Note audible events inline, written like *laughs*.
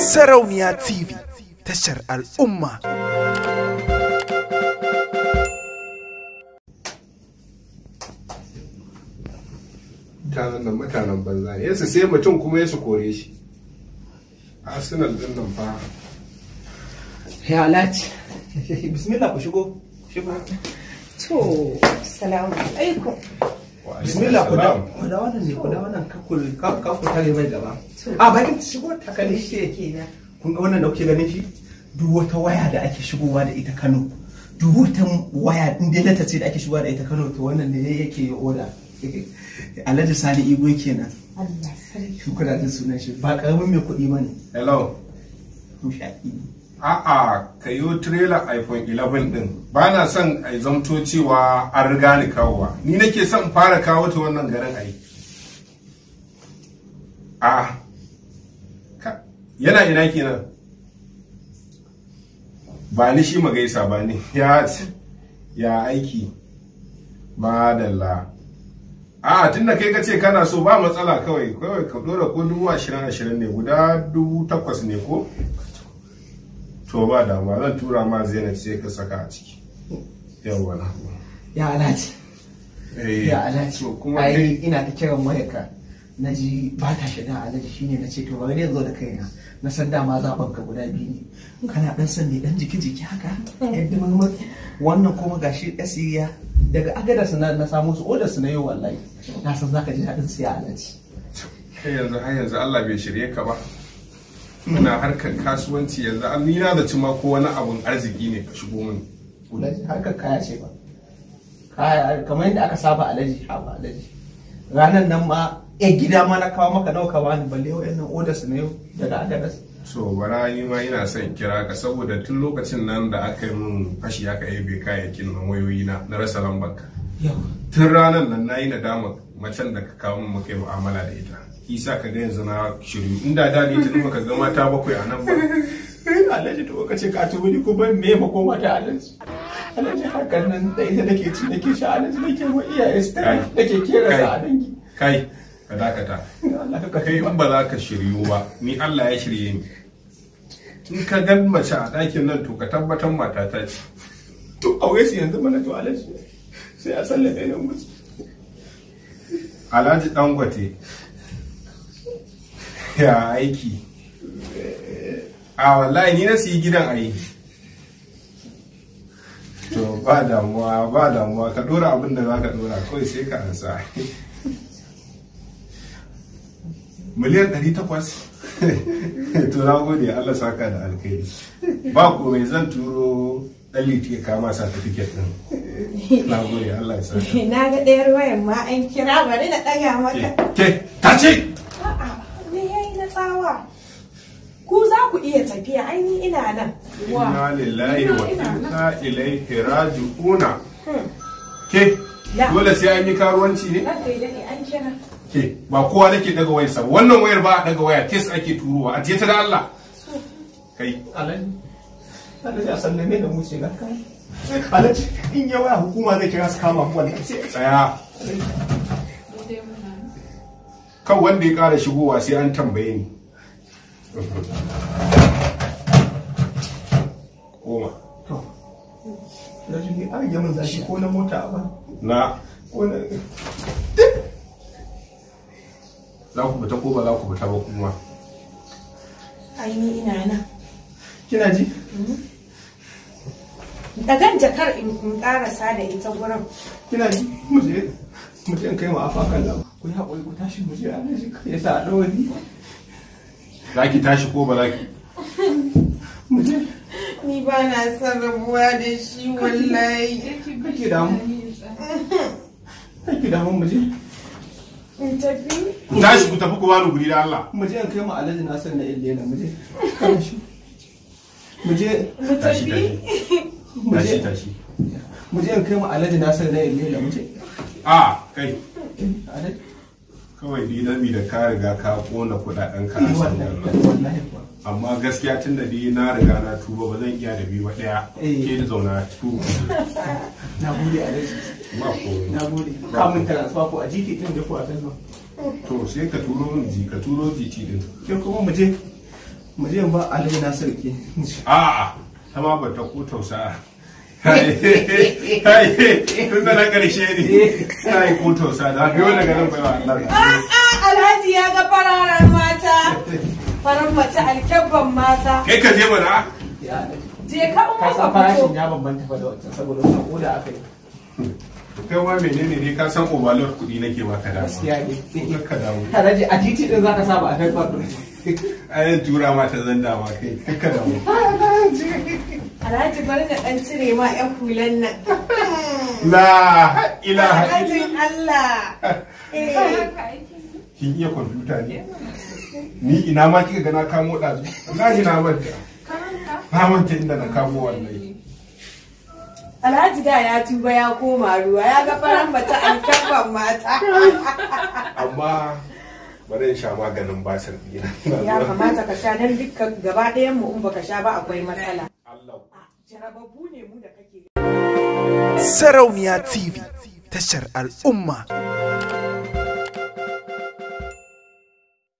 Sarauniya TV tashar al'umma. Mutanen nan mutanen banza ne, yasu sai mutum kuma yasu kore shi. Arsenal din nan ba. Ya alaci. Bismillah ku shigo. Shigo. To, salamu alaikum. bismillah ku dawo ku dawo nan ne ku dawo nan kakul kakul ka ku tare mai gaba a ah, bakin shigo takalmi shi yake kun ga wannan da kuke ganin shi duk wata waya da ake shigowa da ita Kano duk wata waya in dai ta ce da ake shigowa da ita Kano to wannan ne yake ya oda Alhaji Sani Igbo kenan Allah sarki kuna jin sunan shi ba karamin mai kuɗi bane hello mushaƙi a'a ka yi trailer iphone 11 din ba na son a zamto cewa an riga ni kawowa ni nake son fara kawo ta wannan garin ai a yana ina kenan ba ni shi magaisa ba ni ya ya aiki madalla a tun da kai ka ce kana so ba matsala kawai kawai ka dora ko dubu ashirin ashirin ne guda dubu takwas ne ko to ba damuwa zan tura ma zainab sai ka saka a ciki yawwa na ya alhaji eh. ya alhaji kuma dai ina ta kiran mayaka na ji ba ta shiga alhaji shine na ce to bari ne zo da kaina na san dama zaben ka guda biyu ne kana dan san ne dan jiki jiki haka yadda mamman wannan kuma gashi asiriya daga suna na samu su odar su na yau wallahi na san zaka ji daɗin siya alhaji kai yanzu har yanzu Allah bai shirye ka ba muna harkar kasuwanci yanzu an ni na zaci ma ko wani abun arziki ne ka shigo mun ulaji harkar kaya ce ba kaya kamar yadda aka saba alaji ha ba alaji ranar nan ma ya gida ma na kawo maka nawa ka bani balle wayannan orders ne daga agadas so bara ni ma ina son kira ka saboda tun lokacin nan da aka yi min fashi aka bai kayayyakin nan wayoyi na na rasa lambar ka tun ranar nan na yi nadama macen da ka kawo min muka yi mu'amala da ita isa ka ga yanzu na shiru inda da ne tun ka ga mata bakwai a nan ba alhaji to ka ce ka tubi ni ko ban me ba ko mata alhaji alhaji hakan nan da ita nake ci nake sha alhaji nake wa iyaye su nake kera sa a dangi kai ka dakata kai in ba za ka shiryu ba ni Allah ya shirye ni in ka ga mace a ɗakin nan to ka tabbatar mata ta ce to aure su yanzu mana to alhaji sai a sallame ne mu alhaji dangote ya aiki a wallahi ni na siyi gidan ayi to ba damuwa ba damuwa ka dora abin da za ka dora kawai sai ka ansa miliyan 800 to na gode allah saka da alkhairi ba komai zan turo dan ka ya kama certificate din na gode allah ya saka *laughs* na ga ɗayar wayan ma an kira bari na ɗaga maka eh, ke tace tsawa ku za ku iya tafiya aini ina nan inna lillahi wa inna ilaihi raji'una hmm. ke dole sai an yi karuwanci ne kai an kira ke ba kowa nake daga wayar sa wannan wayar ba daga waya tes ake turuwa a ta da Allah kai alani alani a me da mu ce na kai alani in yawa hukuma zai kira su kama mu wannan sai tsaya kan wanda ya kara shigowa sai an tambaye ni zashi ko na mota ba na za ku fita ko ba za ku fita ba kuma ai ni ina nan kina ji mm-hmm. dagan jakar in karasa da ita gurin kina ji mu je mutum kai ma afa kallon ku ya haƙuri ku tashi mu je ana shi ya sa alawari za ki tashi ko ba za ki ni ba na son rabuwa da shi wallahi kake damu kake damu mu je in tafi tashi ku tafi ku wani guri da Allah mu je kai mu alaji na san na illela mu je mu je mu tafi mu tashi mu je kai mu alaji na san na illela mu je a kai kawai ni dami da ka riga ka kona kudaden ka a eh, nan amma gaskiya tun da na riga na tuba ba zan iya da biyu ba daya eh. ke da zauna tuba *laughs* na gode a ba na gode ka mun transfer ko a jiki din da ko a facebook to sai ka turo mun ji ka turo ci din ke kuma mu je mu je ba alai na sarki a'a ta ma ba ta ko tausa tun na karshe ne na yi sa da haka yau daga nan bai wa Allah ah, ah, alhaji ya ga fararen mata farin mace alkyabban mata kai ka je mana je ka umma ka farashin ya bambanta fa da wancan saboda sako da aka yi kai wa menene ne ka san obalar kuɗi nake baka da gaskiya ne ka dawo a titi din zaka saba a kai ba a yan tura ta zanda ma kai ka dawo Alhaji bari na ɗan cire ma 'yan hulan nan. La ilaha Allah. Eh. Eh. Kin iya kwamfuta ne? Ni ina ma kika gana kamo ɗazu. Wallahi na manta. Na manta inda na kamo wannan. Alhaji da ya tuba ya koma ruwa ya ga faran bata an tabban mata. Amma bari in sha maganin basir Ya kamata ka sha don dukkan gaba ɗayan mu in baka sha ba akwai matsala. Jarababbu ne mu da kake Sarauniya TV, tashar al'umma.